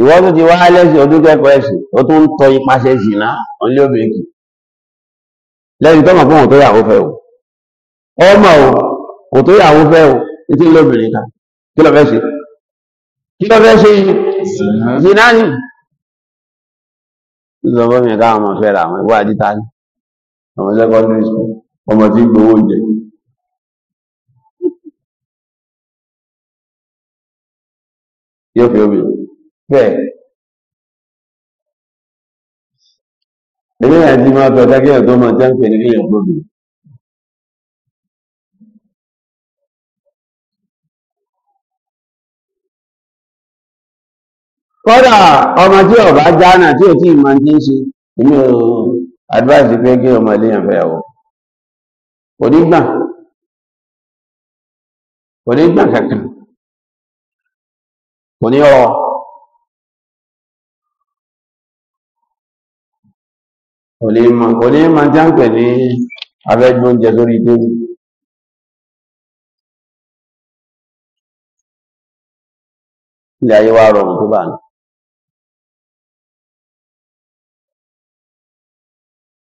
ìwọ́n tó ti wá lẹ́sìn ọdún kẹ́kọ̀ọ́ ẹ̀sìn ó tún ń tọ ipasẹ̀ ìsìnà ọ̀nlé obìnrin kì lẹ́yìn tọ́mọ̀ fún òun tó yàwó fẹ́ o ọmọ o òun tó yàwó fẹ́ o títí lóbìnrin ká kí lọ fẹ́ ṣe kí lọ fẹ́ ṣe ìsìnà ni ìsọ̀bọ̀ mi káwọn ọmọ fẹ́ ra àwọn ìwà àdíta ni ọmọ secondary school ọmọ tí ń gbowó jẹ yóò fi obìnrin bẹ́ẹ̀ ilé àti máa tọ́ta kí ẹ̀tọ́ máa jáǹkì ní ilé ọgbọ́dù kódà ọmọ tí ọba jáánà tí ò tí advice pé kí ọmọ iléyàn fẹ́yàwó kò ní gbà kò lè mọ̀ kò lè mọ̀ tí a ń pè ní abẹ́jú oúnjẹ sórí tébù ilé ayé wa rọrùn tó bá ní.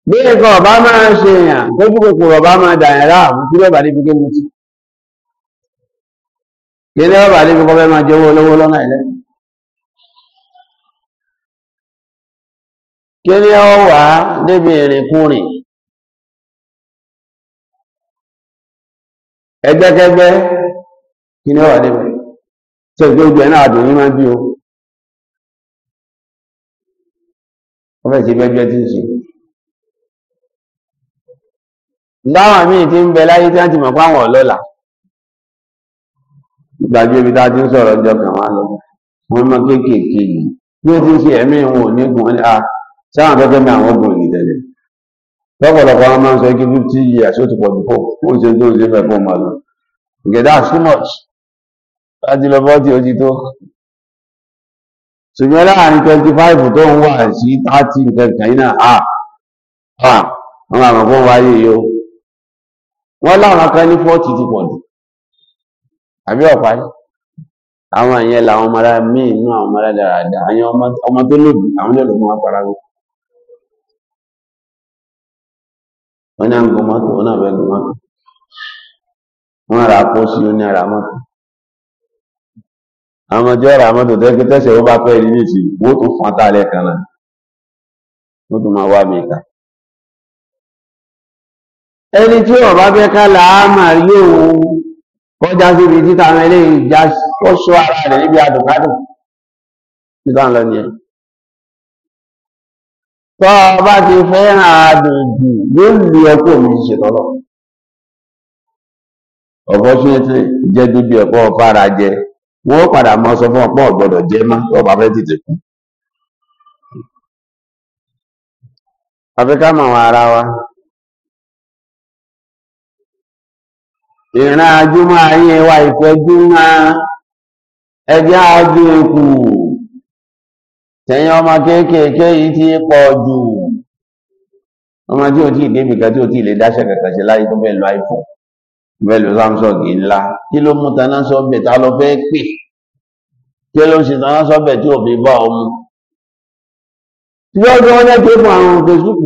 bí nǹkan ọba máa ń ṣe èèyàn tó kú kòkòrò ọba máa dà yẹn láàmú kí lọ́ọ̀bà níbi kí mutí kí lọ́ọ̀bà níbi kọ́ fẹ́ máa jẹ owó olówó lọ́nà ìlẹ́yìn. kí ni ọ wà níbi ìrìnkúrìn ẹgbẹ́kẹ́gbẹ́ kí ni ọ wà níbẹ̀ tí ẹgbẹ́ ojú ẹ̀ náà dùn ní máa bí o wọ́n fẹ́ sí gbẹ́gbẹ́ tí ń ṣe láwọn míì tí ń bẹ láyé tí wọ́n ti mọ̀ fáwọn ọlọ́là ìgbàgbé ibi tá a ti ń sọ̀rọ̀ ọjọ́ kan wá lọ wọ́n mọ kéékèèké yìí bí ó ti ń ṣe ẹ̀mí wọn ò ní gùn ní a ah, sáwọn afẹ́fẹ́ ní àwọn obìnrin ní tẹ́lẹ̀ lọ́pọ̀lọpọ̀ wọn máa ń sọ kí fifty years ó ti pọ̀ jù fóònù ó ń ṣe tó ń ṣe fẹ́ fóònù àlọ́ ìgẹ̀ that's too much láti lọ bọ́ tí ó ti tó ṣùgbọ́n láàrin twenty five tó ń wà sí thirty nǹkan kan yìí náà ah ah wọn àmọ̀ fún wa yìí o wọ́n láwọn kan ní forty ti pọ̀ jù àbí ọ̀pá yìí àwọn ìyẹn làwọn ọmọ ara inú àwọn ọmọ ara dáradára àwọn ọmọ tó lòdì àwọn ẹlòmíràn paragun wọn ní àgọ mọtò wọn náà fẹẹ gùn mọtò wọn rà pósí wọn ní ara mọtò àwọn ọmọdé ọ̀rọ̀ àwọn tó tẹkí tẹsẹ ó bá pẹ rí ní ìsìn wọn tún fún ata alẹ kan náà wọn tún máa wá mi kà ẹni tí wọn bá fẹ́ ká làámà yóò kọjá síbi títà àwọn eléyìí já ara rẹ̀ níbi àdùnkádùn títà ń lọ nìyẹn. tọ́ ọba ti fẹ́ràn àdùnkù yóò lè ọkọ̀ mi ṣe lọ́lọ́ unfortunately jẹ́ bíbí ẹ̀kọ́ fara jẹ wọ́n padà mọ́ sọ fún ọ̀gbọ́dọ̀ jẹ́ má fẹ́ tètè kú àfikà mọ̀ ara wa ìran ajúmọ̀ ayé tẹ̀yìn ọmọ kéékèèké yìí ti pọ̀ jù ọmọ tí o ti débi kan tí o ti lè dáṣẹ́ kankan ṣe láyé tó fẹ́ lo iphone fẹ́ lo samsung ńlá kí ló mú taná sọ́bẹ̀ tá lọ fẹ́ pè kí ló ń ṣe taná sọ́bẹ̀ tí òbí bá ọ mu. tí wọ́n gbé wọn lẹ́tọ́ fún àwọn facebook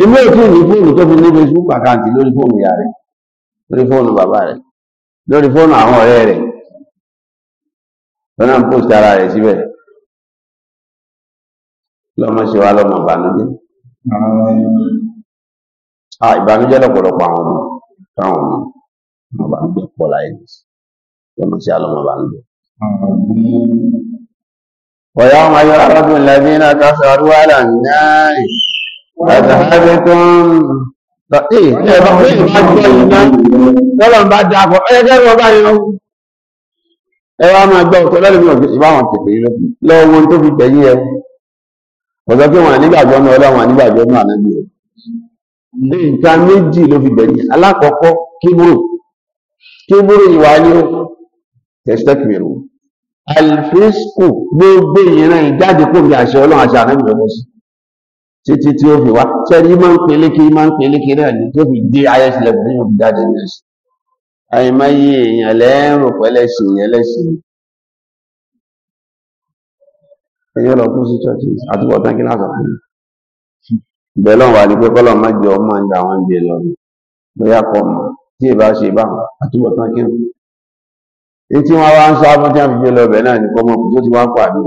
èmi ò tí ì ní fóònù tó fi ní facebook àkáǹtì lórí fóònù ìyá rẹ̀ lórí fóònù bàbá rẹ̀ lórí fóònù àwọn ọ̀rẹ́ rẹ̀ lọ́nà post ara rẹ̀ síbẹ̀ lọ́mọ ṣe wá lọ́mọ ìbànújẹ́ ah ìbànújẹ́ lọ́pọ̀lọpọ̀ àwọn ọmọ táwọn ọmọ ọmọ ìbànújẹ́ pọ̀ láyé lọ́mọ ṣe àlọ́mọ ìbànújẹ́. ويوم يعرض الذين كفروا على النار فذهبتم ايه ايه tọ́lọ̀ bá dàpọ̀ ẹgbẹ́ wọn bá yọ ẹ wá máa gbọ́ ọ̀tọ̀ lẹ́nu ìbáwọn kẹfẹ́ lọ́wọ́ tó fi gbẹ̀yìn ẹ ọ̀sọ́ pé wọ́n nígbàgbọ́ ní ọlọ́run nígbàgbọ́ ní ànábì o nǹkan méjì ló fi bẹ̀rẹ̀ alákọ̀ọ́kọ́ kíbúrò kíbúrò ìwà ni ó tẹ̀sítẹ́kìmìrù àlìfíṣkù gbogbo ìran ìjáde kó bí àṣẹ ọlọ́run àṣẹ ànábì lọ́wọ́ sí títí tí ó fi wá sẹ́ni máa ń peléke máa ń peléke náà ni tó fi dé ayẹsílẹ̀ bí ó jáde ní ẹ̀sìn àìmọye èèyàn lẹ́rù pẹ́lẹ́sìn ẹlẹ́sìn ẹjọ́ lọ kú sí chọ́ọ̀chì àtúbọ̀tán kí lásán fún mi. wà ní pé kọ́lọ̀ ndị ọmọ ń da jẹ lọ kọ́ mọ̀ tí ì bá ṣe bá nsọ àtúbọ̀tán kí wọn. èyí tí wọ́n wá ń tí wọ́n fi náà ní tó ti wá pàdé.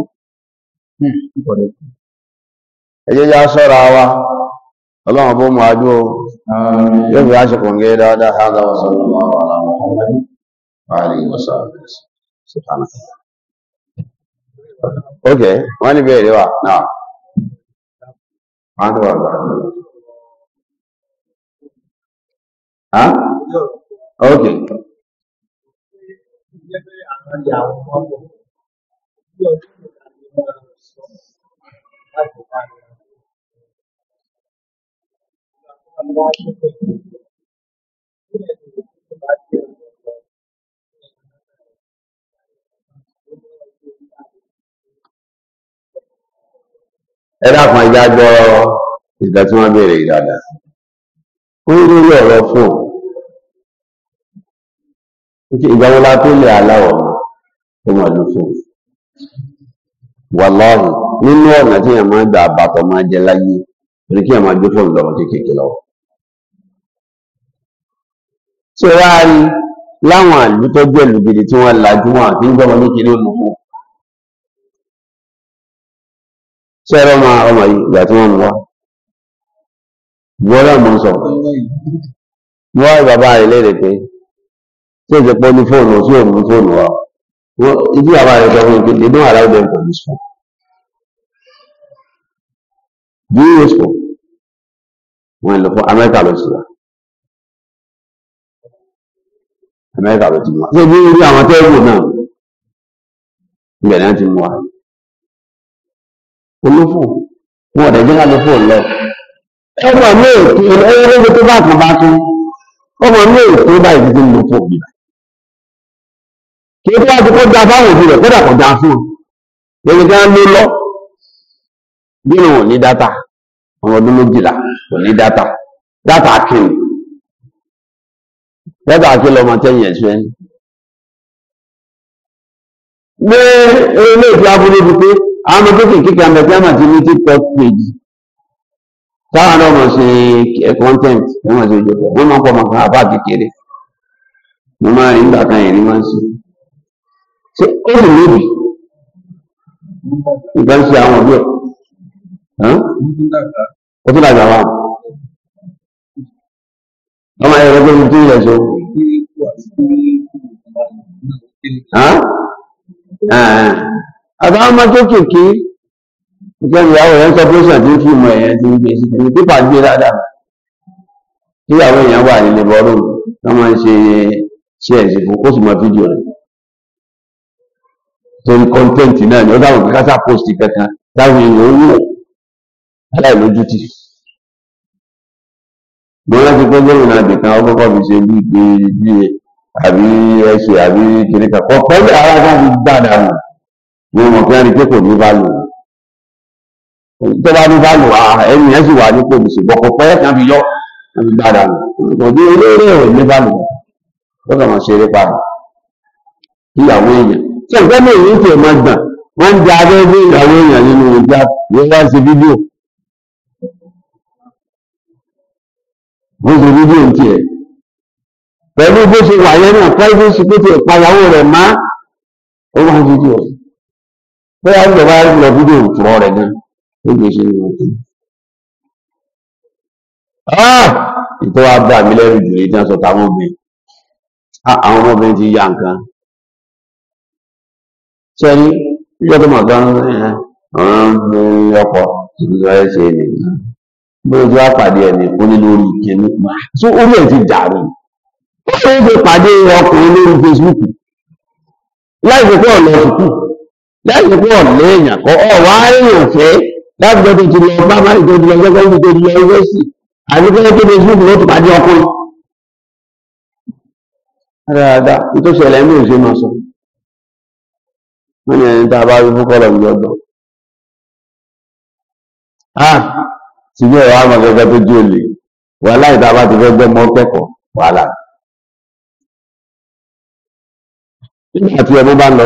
ẹjẹ́ já sọ́ra wa ọlọ́run Okay, wani bai yawa na wani ba ha okay ẹ dákun ẹja gbọ́ ìgbà tí wọ́n béèrè ìdàdà ó ń lórí ọ̀rọ̀ fún ọ ìgbà wo la tó lè aláwọ̀ mọ́ tó mọ̀ ló fún wàláhì nínú ọ̀nà tí èèyàn máa ń gbà àbàtọ̀ máa jẹ láyé torí kí èèyàn máa jókòó lọ́wọ́ kéékèèké lọ́wọ́ tí ó rí láwọn àlùtọ́jú ẹ̀lùgìrì tí wọ́n lajú wọn àti ń gbọ́mọ ní kiri òmùkú sẹ́rọ ma ọmọ yìí ìgbà tí wọ́n mú wá bọ́lá mọ́ sọ mú wá bàbá rẹ̀ léèrè pé tí èsì pọ́ ní fóònù tí ò mú fóònù wa ibi bàbá rẹ̀ sọ fún mi pé they don't allow them for this phone do you use lọ fún amẹ́ríkà lọ sí wa amẹ́ríkà lọ sí wa ṣé bí irú àwọn tẹ́ẹ̀bù náà ìgbà náà ti mú wa olófò wọn ọ̀dẹ̀ jẹ́ kálí fò lọ. ọmọ mi ò tí ẹgbẹ́ tó bá kan bá tún ọmọ mi ò tó bá ìdíje lò fò mi. kí ló wá ti kó da fáwọn òbí rẹ̀ kódà kó da fún un lórí kí wọ́n lé lọ nínú wọn ní dátà ọmọ ọdún méjìlá kò ní dátà dátà kìnnì dátà kìnnì lọmọ tẹ́yìn ẹ̀ṣẹ́ ní ilé ìtura burúkú pé àwọn ọmọ kéèkì kíkà ń bẹ a máa ti ní tiktok page táwọn náà mọ̀ ṣe content wọ́n mọ̀ ṣe ìjọba wọ́n máa ń pọ̀ mọ̀kàn àbá kékeré mo máa rí nígbà kan yẹn ní máa ń ṣe ṣe ó sì lóbi nǹkan ń ṣe àwọn òbí ẹ̀ ó tún wà ọmọ ẹ̀rọ tó ti tún ilẹ̀ ṣe ó àtàwọn ọmọ kéékèèké nǹkan ìyàwó rẹ̀ ń sọ pẹ́sàn tí ó fi mọ èèyàn ti ń gbé sí tẹ̀lé pípà gbé dáadáa tí àwọn èèyàn wà nílé bọ́ọ̀rù wọ́n máa ń ṣe ṣe ẹ̀sìn fún ó sì mọ fídíò rẹ̀ torí kọ́ńtẹ́ǹtì náà ni ó dáhùn pé kásá pósìtì kankan táwọn èèyàn ó wò aláìlójútì mo rántí pé gómìnà àbìkan ọkọ̀kọ́ fi ṣe bí ìgbé bí àbí ẹṣẹ àbí kìnìkan kọ̀ọ̀kan ara kan fi gbàdánù mo mọ̀ pé ẹni pé kò ní bálò tó bá ní bálò ẹni yẹn sì wà ní kò sì bọ̀ kọ̀pẹ́ kan fi yọ kan fi gbára nù kò ní eré ò ní bálò ó kàn máa ṣeré pa ìyàwó èèyàn tí ẹ̀gbẹ́ mi èyí tí ẹ̀ máa gbà wọ́n ń da abẹ́rẹ́ ìyàwó èèyàn nínú ìgbà yóò wá ṣe fídíò wọ́n ṣe fídíò ti ẹ̀ pẹ̀lú bó ṣe wà yẹn náà privacy pé ti ẹ̀ rẹ̀ má ó wá fídíò rẹ̀ bóyá ń jọba lọ fídíò ìtùrọ rẹ ní ó lè ṣe ìwò tó ah! ìtọ́ wa bá mi lẹ́rù jù ìdí àṣọ táwọn obìnrin ah, àwọn ọmọbìnrin ti ya nǹkan sẹ́ni níjọ́ tó màá gbọ́n ọ̀rọ̀ ọkọ̀ ìlú ẹ̀ ṣe ni bóyá tí wàá pàdé ẹni ó ní lórí ìkíní tó orí ẹ̀ ti dàrú ó ṣe é ṣe pàdé ọkùnrin lórí Facebook láì fẹ́ pé ọ̀nà ìsìnkú lẹ́yìn pọ̀ léèyàn kọ́ ọ wá èrò fẹ́ lágbọ́n tó ti lọ bá má ìjọ ìdílé ọjọ́ tó ti lọ ẹgbẹ́ sí àdúgbò tó ti fún ìlú tó bá dé ọkùnrin. dáadáa ìtòsí ẹ̀lẹ́ mi ò ṣe máa sọ wọ́n ní ẹni tá a bá rí fún kọ́lọ̀ ní ọdọ̀. a síbí ẹ̀rọ àwọn akẹ́kọ̀ọ́ tó jí olè wàhálà ìta bá ti fẹ́ gbẹ́ mọ́ kẹ́kọ̀ọ́ wàhálà. nígbà tí ọmọ bá ń lọ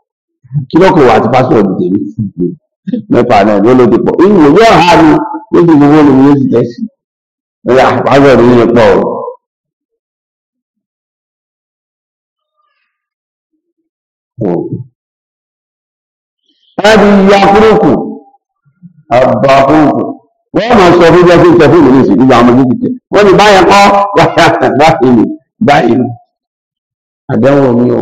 kí lọ́kùn wà àti pásítọ̀tì tèmi sì gbé mẹ́fà náà ló ló ti pọ̀ ìwò yóò hà ní níbi gbogbo ni mo sì tẹ̀sí ẹ̀yà pásítọ̀tì yìí pọ̀ o. Ẹbí ya kúrúkù, àbá kúrúkù, wọ́n máa sọ fún jẹ́ sí ìtẹ́ fún ìlú ìsìn Wọ́n ní báyẹn kọ́ báyìí báyìí àdéhùn mi ò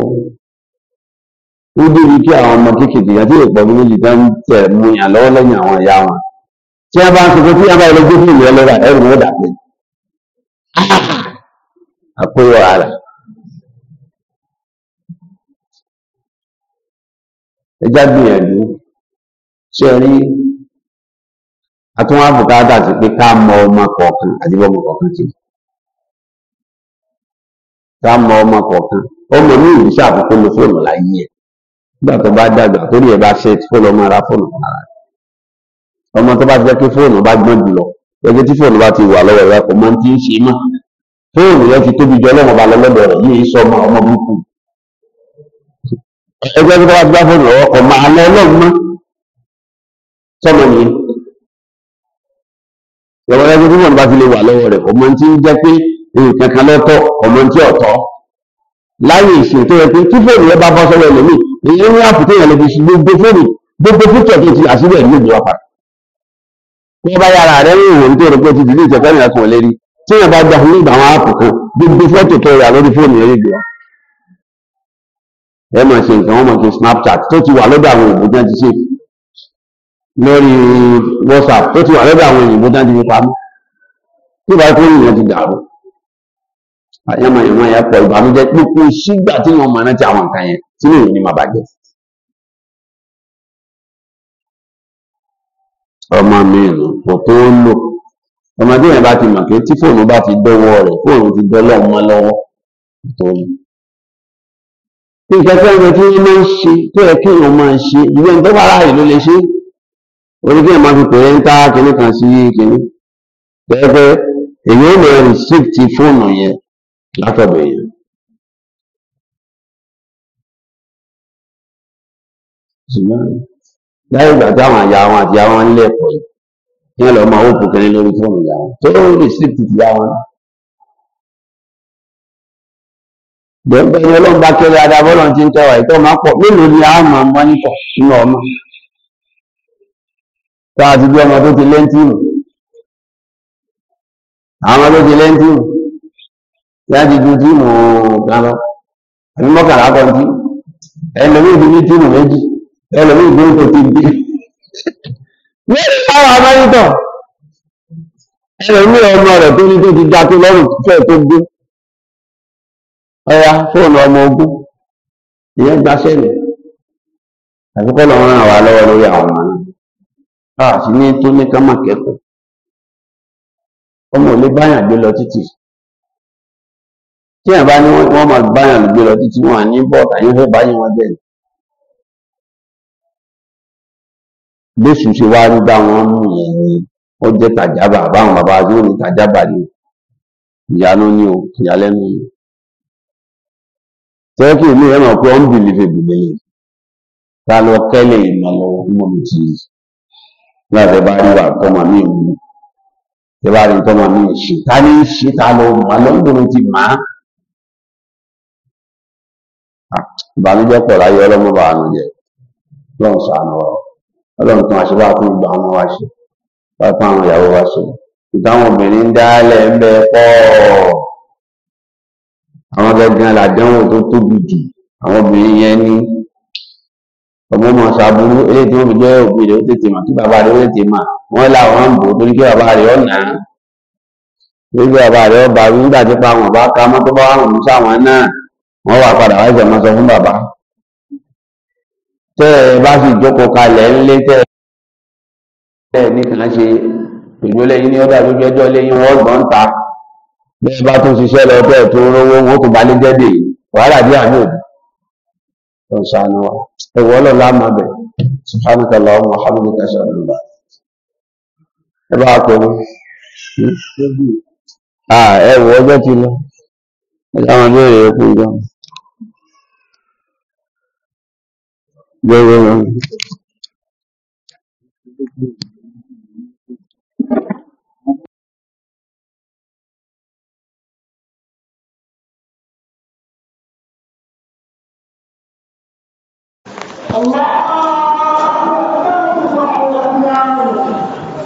ó débi kí àwọn ọmọ kéékèèké àti ìpọ̀ ní méjì tó ń tẹ̀ mú yàn lọ́wọ́ lẹ́yìn àwọn ìyá wọn tí wọ́n bá ń sọ pé tí wọ́n bá ilé gbófin ìlú ẹlẹ́ra ẹrù wọn dàpé àpéwọ̀ ara. ẹja gbìyànjú ṣe rí àtúnwá bùkátà sí pé ká mọ ọmọ kọ̀ọ̀kan àti kọ̀ọ̀kan sí ká mọ ọmọ kọ̀ọ̀kan ọmọ ní ìrísí àkókò fóònù láyé ẹ̀ nígbà tó bá dàgbà torí ẹ̀ bá ṣe kó lọ máa ra fóònù kan lára rẹ̀ ọmọ tó bá jẹ́ kí fóònù bá gbọ́n jù lọ ẹgbẹ́ tí fóònù bá ti wà lọ́wọ́ rẹ̀ kò máa ń tí ń ṣe mọ́ fóònù yẹn ti tóbi jọ ọlọ́wọ́ bá lọ́lọ́dọ̀ rẹ̀ yìí sọ ọmọ ọmọ burúkú ẹgbẹ́ tó bá gbá fóònù lọ́wọ́ kò máa lọ ọlọ́run mọ́ sọmọ nìyẹn ìwọ ẹgbẹ́ tí fóònù bá fi lè wà lọ́wọ́ rẹ̀ kò máa ń tí ń jẹ́ pé nǹkan kan lọ́tọ̀ ọmọ tí ọ̀tọ̀ láyé ìsìn tó yẹ pé èyí ní àpótí ìyàn lóbi sí gbogbo fóònù gbogbo fóònù tó ti àṣírí ẹ̀rí ògbé wa padà bí wọ́n bá yára rẹ̀ ń wò ní tó rò pé ti dìlé ìtẹ̀fẹ́ nìyà kan lérí tí wọ́n bá gba fún nígbà àwọn àpò kan gbogbo fọ́tò tó rà lórí fóònù ẹ̀rí ògbé ẹ máa ṣe nǹkan wọ́n máa ṣe Snapchat tó ti wà lọ́dọ̀ àwọn òyìnbó tán ti ṣe lórí WhatsApp tó ti wà lọ́dọ̀ àwọn òyìnbó tán ti fi pamọ́ yàmàyàmà yà pọ̀ ìbànújẹ́ pé kò sígbà tí wọ́n máa rántí àwọn nǹkan yẹn tí lóyún ní máa bàjẹ́. ọmọ mi nù kò tó ń lò ọmọdé yẹn bá ti mọ̀ pé tí fóònù bá ti dọ́wọ́ rẹ̀ fóònù ti dọ́lọ́ mọ́ lọ́wọ́ tó ń lò. nǹkan tí wọ́n ti máa ń ṣe tó yẹ kí wọ́n máa ṣe ìwé ní tó bá ráàyè ló lè ṣe orí kí wọ́n máa fi pè é ń ta kinní kan sí kinní. pẹ́ẹ́pẹ́ èyí ò lọ rìsíìtì La Cabella ṣùgbọ́n láyé ìgbà táwọn àyà wọn àti àwọn nílé ẹ̀kọ́ yìí kí wọ́n lọ máa ó kòkèrè lórí fóònù ìyá wọn tó ló lè sí ìtìtì ìyá wọn. gbẹ̀ngbẹ̀ ni ọlọ́run bá kéré adá bọ́lọ̀ ti ń tẹwà ìtọ́ máa pọ̀ mélòó ni a máa mọ́ nítọ̀ nínú ọmọ tá a ti bí ọmọ tó ti léńtìmù àwọn tó ti léńtìmù láti ju tíìmù kan lọ àbí mọ́kànlá kan tí ẹlòmíì ti ní tíìmù méjì ẹlòmíì tó ń tó ti bí méjì táwọn amẹ́rítọ̀ ẹlòmíì ọmọ rẹ̀ tó ní tó ti ga tó lọ́rùn fẹ́ tó gbé ọya fóònù ọmọ ogun ìyẹn gba sẹ́lẹ̀ àti kọ́ lọ́wọ́ ràn wá lọ́wọ́ lórí àwọn ọmọ náà a sì ní tó ní ká kẹ́kọ̀ọ́ ọmọ ò lè báyàn gbé lọ títì tí ẹ̀ bá ní wọ́n máa báyàn gbé lọ títí wọn ní bọ́ọ̀tà yóò fẹ́ báyìí wọn bẹ́ẹ̀ bóṣù ṣe wá rí bá wọn mú yẹn ni ó jẹ́ tàjábà báwọn bàbá ní tàjábà ni ìyanu ni o ni mi pé ń ta lọ mi ti láti bá rí mi mú bá rí mi ìbànújẹ́ pọ̀ láyé ọlọ́mọ bá àánú jẹ lọ́run sànù ọ ọlọ́run tún àṣẹ wá fún ìgbà ọmọ wa ṣe wá fún àwọn ìyàwó wa ṣe ìtàwọn obìnrin ń dálẹ̀ ń bẹ pọ̀ àwọn gangan làdánwò tó tóbi jù àwọn obìnrin yẹn ní ọmọ ọmọ ṣàbúrú eléyìí tí wọn fi jẹ òbí rẹ ó tètè mà kí bàbá rẹ ó tètè mà wọn làwọn ń bò ó torí kí bàbá rẹ ó nà á torí kí bàbá rẹ ó bá wí nígbà tí pa àwọn bá ká mọ́tò bá wà wọn sáwọn náà. wọ́n wà padà wá ìjọba sọ fún bàbá tẹ́ ẹ bá sì jókòó kalẹ̀ ńlé tẹ́ ẹ ṣe lẹ́yìn ní ọdọ àdójú wọ́n gbọ́n ta bí ẹ bá tún ṣiṣẹ́ lọ tẹ́ ẹ tó rówó wọn kò bá lé jẹ́dè wàhálà bí àmì òbí tó ń wa bẹ̀ lọ ẹ láwọn vâng vâng vâng Allah